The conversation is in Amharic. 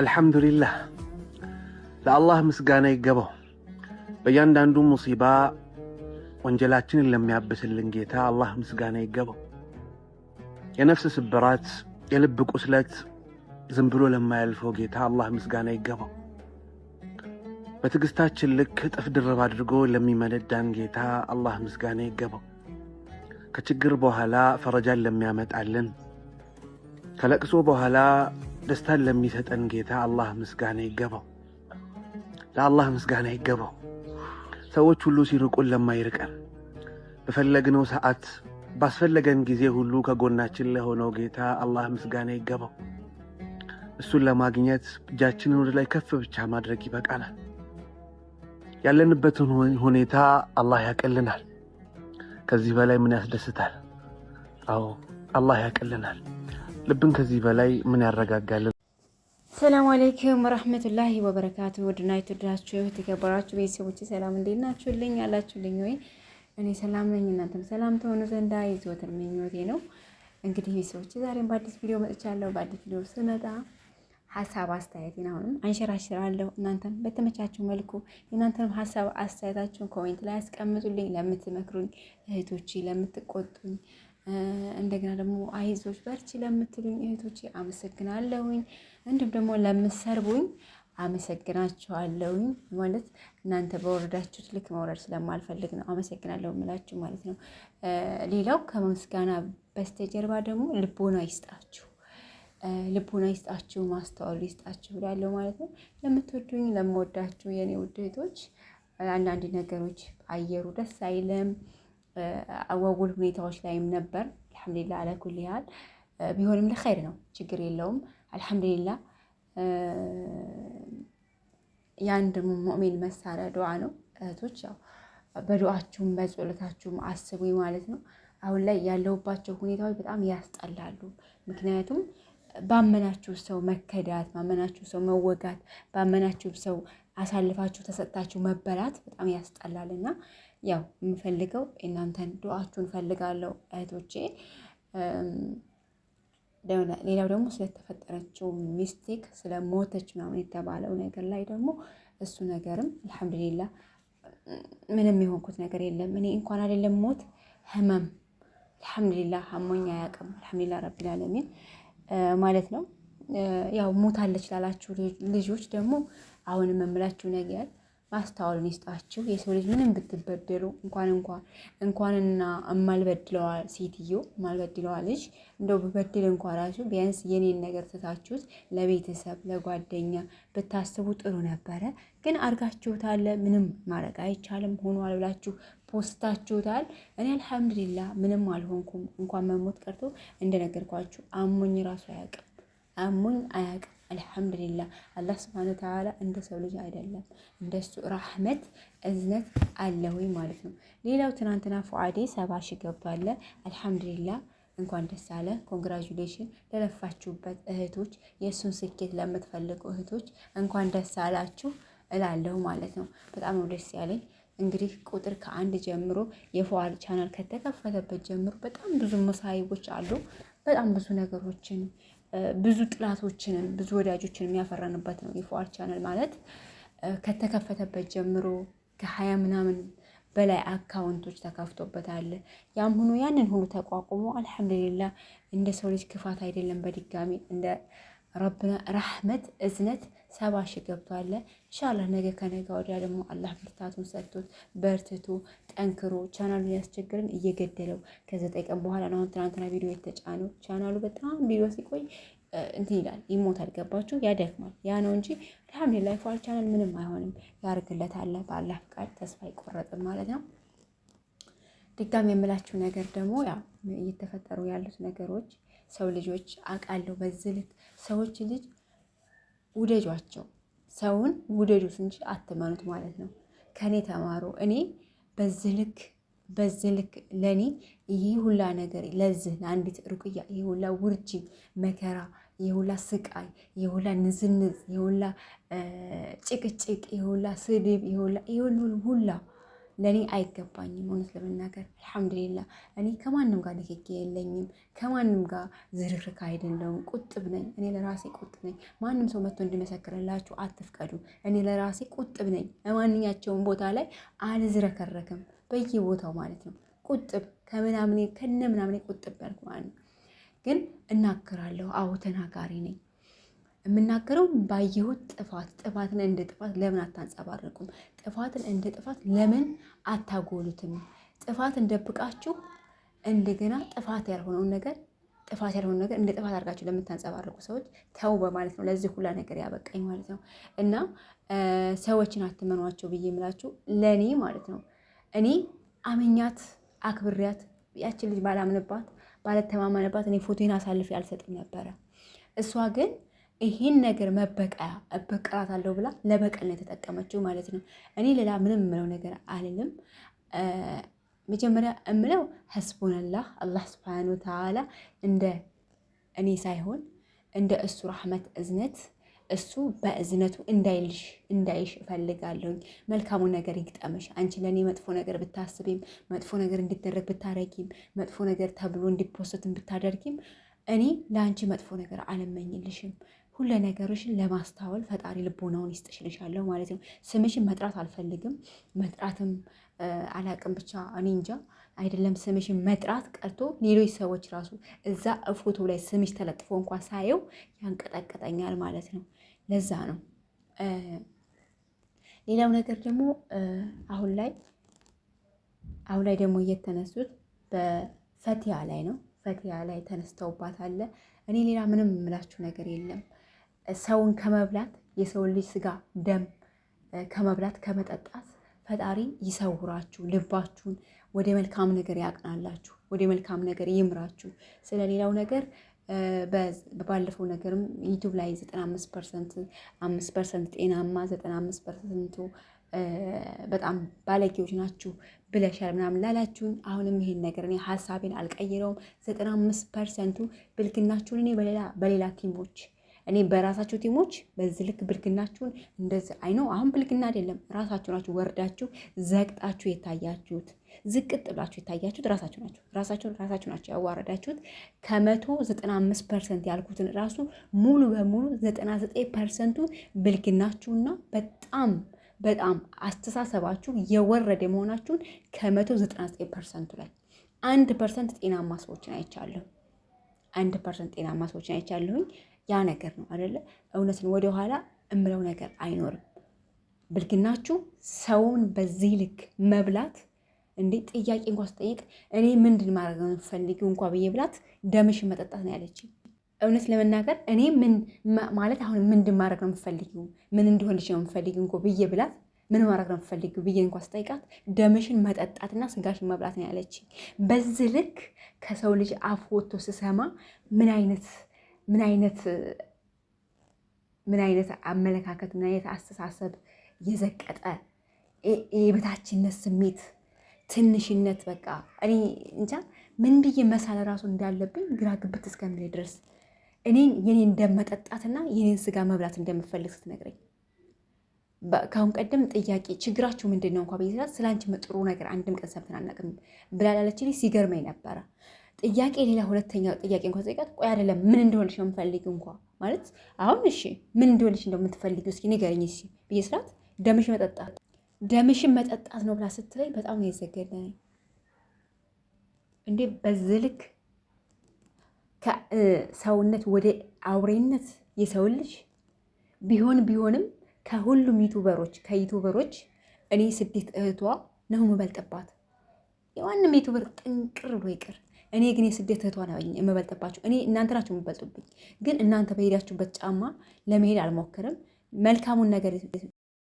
አልሐምዱሊላህ ለአላህ ምስጋና ይገባው። በእያንዳንዱ ሙሲባ ወንጀላችንን ለሚያብስልን ጌታ አላህ ምስጋና ይገባው። የነፍስ ስብራት፣ የልብ ቁስለት ዝም ብሎ ለማያልፈው ጌታ አላህ ምስጋና ይገባው። በትግስታችን ልክ ጥፍ ድርብ አድርጎ ለሚመነዳን ጌታ አላህ ምስጋና ይገባው። ከችግር በኋላ ፈረጃን ለሚያመጣልን ከለቅሶ በኋላ ደስታን ለሚሰጠን ጌታ አላህ ምስጋና ይገባው። ለአላህ ምስጋና ይገባው። ሰዎች ሁሉ ሲርቁን ለማይርቀን በፈለግነው ሰዓት ባስፈለገን ጊዜ ሁሉ ከጎናችን ለሆነው ጌታ አላህ ምስጋና ይገባው። እሱን ለማግኘት እጃችንን ወደ ላይ ከፍ ብቻ ማድረግ ይበቃናል። ያለንበትን ሁኔታ አላህ ያቀልናል። ከዚህ በላይ ምን ያስደስታል? አዎ አላህ ያቀልናል። ልብን ከዚህ በላይ ምን ያረጋጋልን? ሰላም አሌይኩም ረህመቱላሂ ወበረካቱ። ውድና የተወደዳችሁ የተከበራችሁ ቤተሰቦች ሰላም እንዴት ናችሁልኝ? ያላችሁልኝ ወይ? እኔ ሰላም ነኝ፣ እናንተም ሰላም ተሆኑ ዘንዳ የዘወትር ምኞቴ ነው። እንግዲህ ቤተሰቦች ዛሬም በአዲስ ቪዲዮ መጥቻለሁ። በአዲስ ቪዲዮ ስመጣ ሀሳብ አስተያየቴን አሁንም አንሸራሽራለሁ። እናንተም በተመቻችሁ መልኩ የእናንተንም ሀሳብ አስተያየታችሁን ኮሜንት ላይ ያስቀምጡልኝ። ለምትመክሩኝ እህቶቼ፣ ለምትቆጡኝ እንደገና ደግሞ አይዞች በርቺ ለምትሉኝ እህቶቼ አመሰግናለሁኝ። እንዲሁም ደግሞ ለምሰርቡኝ አመሰግናችኋለሁኝ። ማለት እናንተ በወረዳችሁት ልክ መውረድ ስለማልፈልግ ነው አመሰግናለሁ ምላችሁ ማለት ነው። ሌላው ከምስጋና በስተጀርባ ደግሞ ልቦና ይስጣችሁ፣ ልቦና ይስጣችሁ፣ ማስተዋሉ ይስጣችሁ እላለሁ ማለት ነው። ለምትወዱኝ ለምወዳችሁ የእኔ ውድ እህቶች አንዳንድ ነገሮች አየሩ ደስ አይለም አጓጉል ሁኔታዎች ላይም ነበር። አልሐምዱሊላ አለኩል ያህል ቢሆንም ለኸይር ነው፣ ችግር የለውም። አልሐምዱሊላ የአንድ ሙእሚን መሳሪያ ዱዓ ነው። እህቶች ያው በዱዓችሁም በጸሎታችሁም አስቡኝ ማለት ነው። አሁን ላይ ያለውባቸው ሁኔታዎች በጣም ያስጠላሉ። ምክንያቱም ባመናችሁ ሰው መከዳት፣ ባመናችሁ ሰው መወጋት፣ ባመናችሁ ሰው አሳልፋችሁ ተሰጥታችሁ መበላት በጣም እና ያው የምፈልገው እናንተን ዱዓችሁን ፈልጋለሁ እህቶቼ። ሌላው ደግሞ ስለተፈጠረችው ሚስቴክ ስለ ሞተች ምናምን የተባለው ነገር ላይ ደግሞ እሱ ነገርም አልሐምዱሊላ ምንም የሆንኩት ነገር የለም። እኔ እንኳን አይደለም ሞት ህመም አልሐምዱሊላ ሀሞኛ አያውቅም። አልሐምዱሊላ ረቢል ማለት ነው። ያው ሞታለች ላላችሁ ልጆች ደግሞ አሁንም የምላችሁ ነገር ማስተዋልን ይስጣችሁ። የሰው ልጅ ምንም ብትበደሉ እንኳን እንኳ እንኳንና የማልበድለዋ ሴትዮ የማልበድለዋ ልጅ እንደው ብበድል እንኳ ራሱ ቢያንስ የኔን ነገር ትታችሁት ለቤተሰብ ለጓደኛ ብታስቡ ጥሩ ነበረ። ግን አድርጋችሁታል። ምንም ማድረግ አይቻልም። ሆኗል ብላችሁ ፖስታችሁታል። እኔ አልሐምድሊላ ምንም አልሆንኩም። እንኳን መሞት ቀርቶ እንደነገርኳችሁ አሞኝ ራሱ አያውቅም። አሞኝ አያውቅም። አልሐምዱሊላ አላህ ስብሐነ ተዓላ እንደ ሰው ልጅ አይደለም፣ እንደሱ ራህመት እዝነት አለውኝ ማለት ነው። ሌላው ትናንትና ፉአዴ ሰባ ሺ ገባለ። እንኳን ደስ አለ። ኮንግራጁሌሽን ለለፋችሁበት እህቶች፣ የእሱን ስኬት ለምትፈልጉ እህቶች እንኳን ደስ አላችሁ እላለሁ ማለት ነው። በጣም ነው ደስ ያለኝ። እንግዲህ ቁጥር ከአንድ ጀምሮ የፉአድ ቻናል ከተከፈተበት ጀምሮ በጣም ብዙ መሳይቦች አሉ። በጣም ብዙ ነገሮችን ብዙ ጥላቶችንም ብዙ ወዳጆችንም ያፈራንበት ነው የፉአድ ቻናል ማለት ከተከፈተበት ጀምሮ ከሀያ ምናምን በላይ አካውንቶች ተከፍቶበታል። ያም ሆኖ ያንን ሁሉ ተቋቁሞ አልሐምዱሊላ እንደ ሰው ልጅ ክፋት አይደለም፣ በድጋሚ እንደ ረብና ረህመት እዝነት ሰባ ሺህ ገብቷል። ኢንሻላህ ነገ ከነገ ወዲያ ደግሞ አላህ ብርታቱን ሰጥቶት በርትቶ ጠንክሮ ቻናሉ ያስቸግርን እየገደለው ከዘጠኝ ቀን በኋላ ነው። አሁን ትናንትና ቪዲዮ የተጫነው ቻናሉ በጣም ቪዲዮ ሲቆይ እንትን ይላል ይሞታል። ገባችሁ? ያደክማል። ያ ነው እንጂ አልሐምዱሊላህ ፏል ቻናል ምንም አይሆንም። ያርግለታል በአላህ ፍቃድ። ተስፋ አይቆረጥም ማለት ነው። ድጋሚ የምላችሁ ነገር ደግሞ ያው እየተፈጠሩ ያሉት ነገሮች ሰው ልጆች አውቃለሁ በዝልት ሰዎች ልጅ ውደጇቸው ሰውን ውደዱት እንጂ አትመኑት ማለት ነው። ከኔ ተማሩ። እኔ በዚህ ልክ በዚህ ልክ ለእኔ ይህ ሁላ ነገር ለዚህ ለአንዲት ሩቅያ ይህ ሁላ ውርጅ መከራ፣ ይህ ሁላ ስቃይ፣ ይህ ሁላ ንዝንዝ፣ ይህ ሁላ ጭቅጭቅ፣ ይህ ሁላ ስድብ፣ ይህ ሁላ ለእኔ አይገባኝም። እውነት ለመናገር አልሐምዱሊላ እኔ ከማንም ጋር ንክኪ የለኝም። ከማንም ጋር ዝርክርክ አይደለውም። ቁጥብ ነኝ እኔ ለራሴ ቁጥብ ነኝ። ማንም ሰው መጥቶ እንዲመሰክርላችሁ አትፍቀዱ። እኔ ለራሴ ቁጥብ ነኝ። በማንኛቸውም ቦታ ላይ አልዝረከረክም። በየቦታው ማለት ነው። ቁጥብ ከምናምኔ ከነ ምናምኔ ቁጥብ ያልኩ ማለት ነው። ግን እናክራለሁ አዎ ተናጋሪ ነኝ። የምናገረው ባየሁት ጥፋት ጥፋትን እንደ ጥፋት ለምን አታንጸባርቁም? ጥፋትን እንደ ጥፋት ለምን አታጎሉትም? ጥፋትን ደብቃችሁ እንደገና ጥፋት ያልሆነውን ነገር ጥፋት ያልሆነ ነገር እንደ ጥፋት አድርጋችሁ ለምታንጸባርቁ ሰዎች ተው በማለት ነው ለዚህ ሁላ ነገር ያበቃኝ ማለት ነው። እና ሰዎችን አትመኗቸው ብዬ የምላችሁ ለእኔ ማለት ነው። እኔ አመኛት አክብሪያት ያችን ልጅ ባላምንባት ባለተማመንባት እኔ ፎቶን አሳልፌ አልሰጥም ነበረ እሷ ግን ይሄን ነገር መበቀያ እበቀላት አለው ብላ ለበቀል ነው የተጠቀመችው ማለት ነው። እኔ ሌላ ምንም የምለው ነገር አልልም። መጀመሪያ እምለው ሀስቡነላህ አላህ ስብሓን ወተዓላ እንደ እኔ ሳይሆን እንደ እሱ ራህመት እዝነት እሱ በእዝነቱ እንዳይልሽ እንዳይሽ እፈልጋለሁኝ። መልካሙ ነገር ይግጠምሽ። አንቺ ለእኔ መጥፎ ነገር ብታስቢም፣ መጥፎ ነገር እንዲደረግ ብታረጊም፣ መጥፎ ነገር ተብሎ እንዲፖሰትን ብታደርጊም እኔ ለአንቺ መጥፎ ነገር አልመኝልሽም። ሁለ ነገሮችን ለማስታወል ፈጣሪ ልቦናውን ይስጥሽልሻለሁ ማለት ነው። ስምሽን መጥራት አልፈልግም፣ መጥራትም አላቅም። ብቻ እኔ እንጃ አይደለም ስምሽን መጥራት ቀርቶ ሌሎች ሰዎች ራሱ እዛ ፎቶ ላይ ስምሽ ተለጥፎ እንኳ ሳየው ያንቀጠቀጠኛል ማለት ነው። ለዛ ነው። ሌላው ነገር ደግሞ አሁን ላይ አሁን ላይ ደግሞ እየተነሱት በፈቲያ ላይ ነው። ፈቲያ ላይ አለ። እኔ ሌላ ምንም የምላችሁ ነገር የለም። ሰውን ከመብላት የሰውን ልጅ ስጋ ደም ከመብላት ከመጠጣት ፈጣሪ ይሰውራችሁ፣ ልባችሁን ወደ መልካም ነገር ያቅናላችሁ፣ ወደ መልካም ነገር ይምራችሁ። ስለሌላው ነገር ባለፈው ነገርም ዩቱብ ላይ 95 ፐርሰንት 5 ፐርሰንት ጤናማ 95 ፐርሰንቱ በጣም ባለጌዎች ናችሁ ብለሻል ምናምን ላላችሁን፣ አሁንም ይሄን ነገር እኔ ሀሳቤን አልቀይረውም። 95 ፐርሰንቱ ብልግናችሁን እኔ በሌላ ቲሞች እኔ በራሳችሁ ቲሞች በዚህ ልክ ብልግናችሁን እንደዚህ አይነው። አሁን ብልግና አይደለም፣ ራሳችሁ ናችሁ ወርዳችሁ ዘግጣችሁ የታያችሁት ዝቅጥ ብላችሁ የታያችሁት ራሳችሁ ናችሁ። ራሳችሁን ራሳችሁ ናችሁ ያዋረዳችሁት። ከመቶ ዘጠና አምስት ፐርሰንት ያልኩትን ራሱ ሙሉ በሙሉ ዘጠና ዘጠኝ ፐርሰንቱ ብልግናችሁና በጣም በጣም አስተሳሰባችሁ የወረደ መሆናችሁን ከመቶ ዘጠና ዘጠኝ ፐርሰንቱ ላይ አንድ ፐርሰንት ጤናማ ሰዎችን አይቻለሁ። አንድ ፐርሰንት ጤናማ ሰዎችን አይቻለሁኝ። ያ ነገር ነው አደለ? እውነትን ወደኋላ እምለው ነገር አይኖርም። ብልግናችሁ ሰውን በዚህ ልክ መብላት እንዴ! ጥያቄ እንኳ ስጠይቅ እኔ ምንድን ማድረግ ነው የምፈልጊው እንኳ ብዬ ብላት ደምሽን መጠጣት ነው ያለች? እውነት ለመናገር እኔ ምን ማለት አሁን ምንድን ማድረግ ነው የምፈልጊው ምን እንዲሆንልሽ ነው የምፈልጊው እንኳ ብዬ ብላት ምን ማድረግ ነው የምፈልጊው ብዬ እንኳ ስጠይቃት ደምሽን መጠጣትና ስጋሽን መብላት ነው ያለች በዚህ ልክ ከሰው ልጅ አፍ ወጥቶ ስሰማ ምን አይነት ምን አይነት ምን አይነት አመለካከት ምን አይነት አስተሳሰብ የዘቀጠ የበታችነት ስሜት ትንሽነት፣ በቃ እኔ እንጃ ምን ብዬ መሳለ ራሱ እንዳለብኝ ግራ ግብት እስከምል ድረስ እኔን የኔ ደም መጠጣትና የኔን ስጋ መብላት እንደምፈልግ ስትነግረኝ ከአሁን ቀደም ጥያቄ ችግራችሁ ምንድን ነው እንኳ ብዬ ስላት ስለ አንቺ ጥሩ ነገር አንድም ቀን ሰምተን አናውቅም ብላላለች። ሲገርመኝ ነበረ። ጥያቄ ሌላ ሁለተኛው ጥያቄ እንኳ ጠይቃት። ቆይ አይደለም ምን እንደሆነች ነው የምፈልግ እንኳ ማለት አሁን እሺ ምን እንደሆነች እንደው የምትፈልጊው እስኪ ንገረኝ እሺ ብዬ ስላት ደምሽ መጠጣት ደምሽን መጠጣት ነው ብላ ስትለኝ በጣም ነው የዘገደ እንዴ በዚህ ልክ ከሰውነት ወደ አውሬነት የሰው ልጅ ቢሆን ቢሆንም ከሁሉም ዩቱበሮች ከዩቱበሮች እኔ ስደት እህቷ ነው የምበልጥባት። የማንም ዩቱበር ጥንቅር ብሎ ይቅር እኔ ግን የስደት እህቷ ነኝ የምበልጥባችሁ። እኔ እናንተ ናቸው የምበልጡብኝ። ግን እናንተ በሄዳችሁበት ጫማ ለመሄድ አልሞክርም። መልካሙን ነገር